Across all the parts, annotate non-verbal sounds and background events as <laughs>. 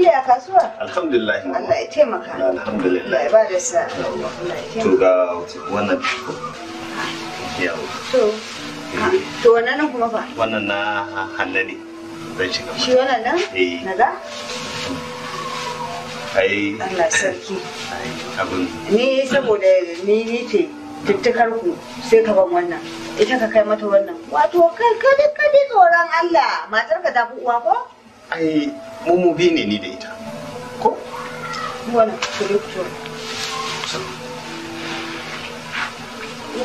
kulle a kasuwa? Alhamdulillah. Allah ya taimaka. Alhamdulillah. Ya ba da sa. To ga wannan yawo. To. To wannan nan kuma fa? Wannan na hannu ne. Zai shiga. Shi wannan nan? Eh. Na da? Ai. Allah sarki. Abin. Ni saboda ni ni ce tuttukar ku sai ka ban wannan. Ita ka kai mata wannan. Wato kai kai kai tsoron Allah matar ka ta fi uwa ko? ai mu bi ne ni da ita ko wala ku dai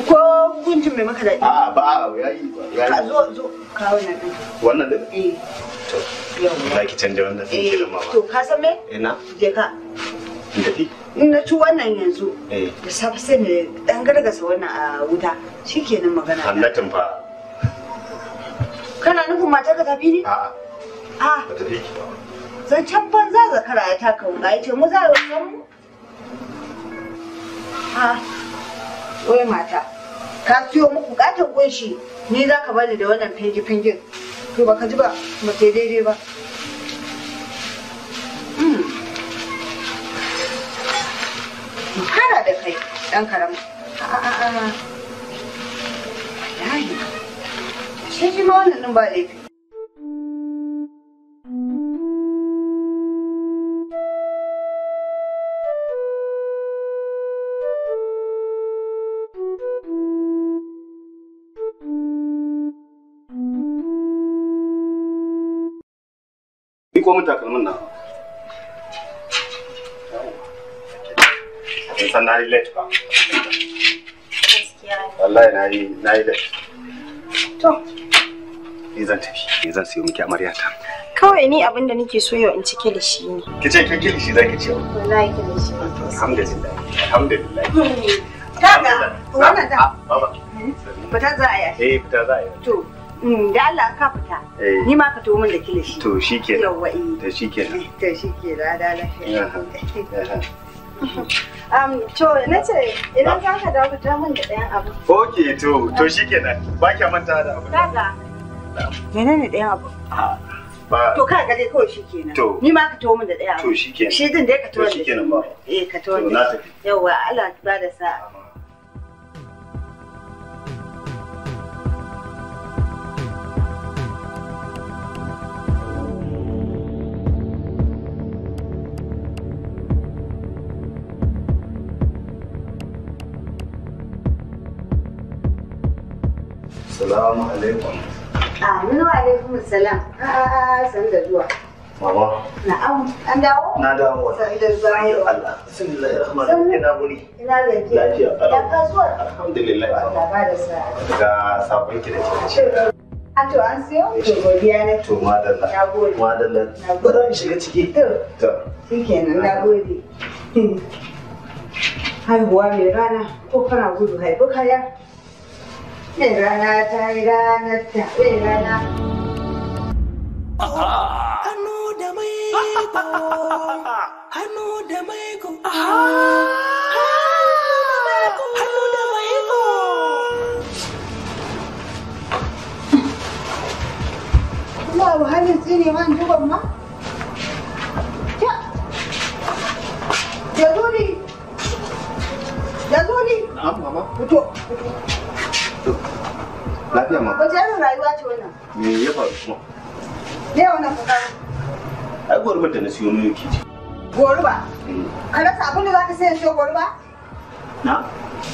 ko guntun mai maka daɗi a ba ya yi ka zo zo kawo wani din wannan din eh to ba ki canja wannan ɗin kiran mama eh, to ka san me ina je ka in na ci wannan yanzu eh. da safe sai ne dan gargasa wannan a wuta shikenan magana tun fa kana nufin matar ka tafi ne a'a a zancen banza zakara ya taka wuka ya ce mu za a mu a wai mata ka siyo muku katon kunshi ni za ka bari da wannan fingin-fingin to ka ji ba ba sai daidai ba hana hmm. da kai dan karamu a'a a'a wallahi shi shi ma wannan din ba laifi miko takalmin na in san na yi late ba wallahi na yi na yi late to ni zan tafi ni zan siyo miki amarya ta kawai ni abin da nake so yau in cike da shi ne ki ce ki kilishi zaki ce wallahi kilishi alhamdulillah alhamdulillah kaga wannan da ah, baba hmm? fita za a yi eh fita za a yi to Mm, da Allah ka fita eh. ni ma ka tuwo min da kilishi to shi ke yawa eh to shi ke to shi ke da da lafiya <laughs> um to na ce idan za ka dawo ta min da ɗayan abu ok to to shi ke nan ba kya manta da abu kaga mene ne ɗayan abu ah, Ba. to ka ga dai kawai shi ke nan ni ma ka tuwo min da ɗayan abu to shi ke shi din dai ka tuwo da shi ke nan ba eh ka tuwo da yawa Allah ba da sa'a Salamu alaikum. Aminu alaikum salam. Ah, ah, ah san da zuwa. Mama. Na'am, an dawo? Na dawo. San da zuwa. Sai Allah. Bismillahir rahmanir rahim. Ina guri. Ina gaje. Lafiya. Ya kasuwar. Alhamdulillah. Allah ba da sa'a. Ga sabon ki da kike A to an siyo? To godiya ne. To madalla. Na gode. Madalla. Na gode. Bari shiga ciki. To. To. Shikenan, na gode. <laughs> Haihuwa mai rana ko kana gudu haifi kaya. Mai rana mai rana. Hannu da maigo, hannu da maigo. Hannu man duban ma? Da Na'am, mama. fito. Lafiya ma. Wace irin rayuwa ce wannan? Me ya faru kuma? Me wannan kuka? Ai gwarmar da na siyo min yake ce. Goruba? Eh. Ka rasa abin da za ka sai siyo goruba? Na?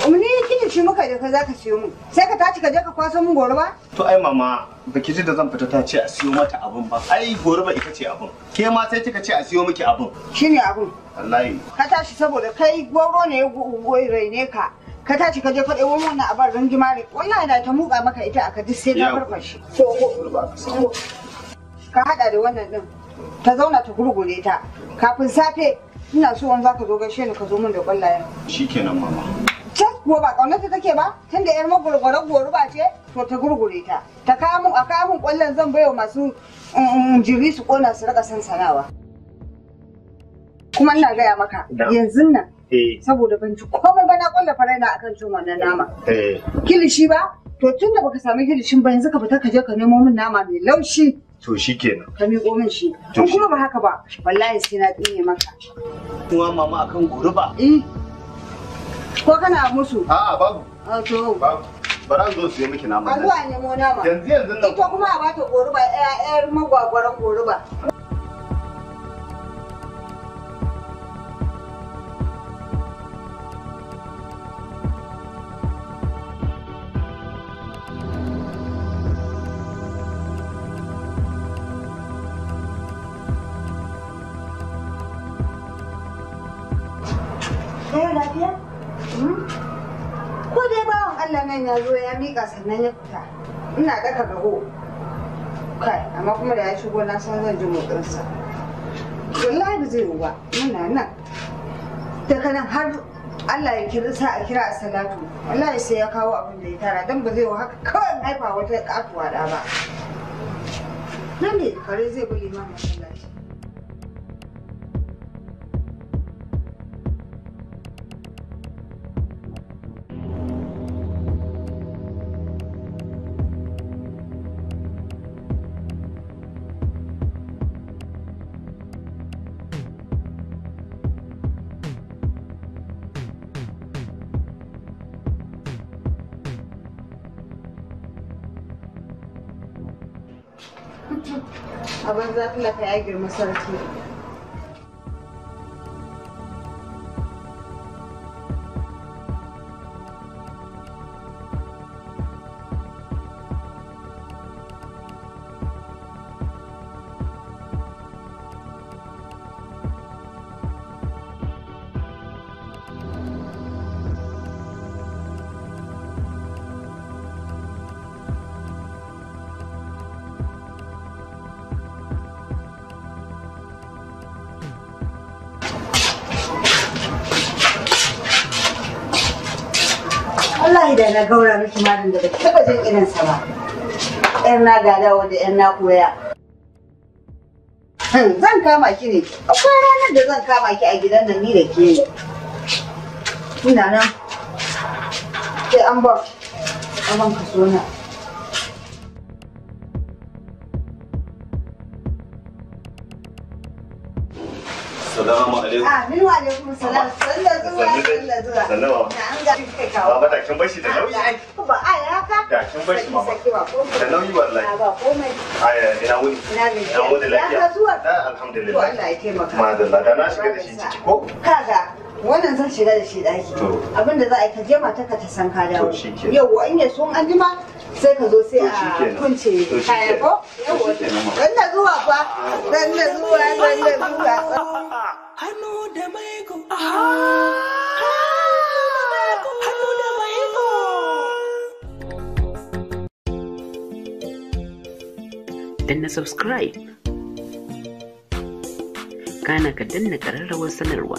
Ni kini ci muka da ka za ka siyo mu? Sai ka tashi ka je ka kwaso min goruba? To ai mama baki ji da zan fita ta ce a siyo mata abin ba. Ai goruba ita ce abin. Ke ma sai kika ce a siyo miki abin. Shine abin. Wallahi. Ka tashi saboda kai goro ne ya ne ka. ka tashi ka je ka ɗebo wannan abar rangima ne wannan ta muka maka ita aka duk sai ta farfashe ka hada da wannan din ta zauna ta gurgure ta kafin safe ina so wani zaka zo gaishe ni ka zo min da kwallayen shikenan mama can kuwa ba ƙaunarta take ba tun da 'yar magurgure goruba ce to ta gurgure ta ta kawo mun a kawo mun ƙwallon zan baiwa masu mm, mm, mm, jiri su ƙona su raka sansanawa kuma ina gaya maka yanzu nan Eh. saboda ban ci komai ba na kwalla faraina akan cin wannan nama eh. kilishi ba to tun da baka sami kilishin ba yanzu ka fita ka je ka nemo min nama mai laushi to shi kenan ka miƙo min shi to kuma ba haka ba wallahi sai na tsine maka kuma mama akan guruba. eh ko kana musu a'a babu a ah, to babu bara zo su yi miki nama a zuwa nemo nama yanzu yanzu nan ko kuma a bata goruba ƴaƴar eh, magwagwaran goruba lafiya? Hmm? Ko dai bawan Allah nan ya zo ya miƙa sannan ya fita. Ina ɗaka gaho. Kai, amma kuma da ya shigo na san zan ji motsinsa. Wallahi ba zai yiwu muna nan. Daga nan har Allah ya kira sa a kira a salatu wallahi sai ya kawo abin da ya tara dan ba zai wa haka kawai haifa wata katuwa da ba nan ne kare zai bi liman masallaci a za ta lafa ya girma sarki. wallahi da na gaura miki malam da taba jin irin sa ba yan na na koya hmm, zan kama ki ne akwai ranar da zan kama ki a gidan nan ni da ke ina nan sai an ba abin na Assalamu alaikum. Na an ga kai kawo. Ba ta kin bashi da ah, nauyi ai. Ba ai haka. Da kin Da nauyi wallahi. Ah, ba komai. Ai ah, ina Da alhamdulillah. da na shiga da shi ciki ko? wannan zan shiga da shi daki abinda za a yi ka je mata ka ta san ka dawo yau in ya sun an jima sai ka zo sai a kunce kaya ko dan da zuwa ba, dan da zuwa dan da zuwa hannu da mai gun ah. da danna subscribe kana ka danna kararrawar sanarwa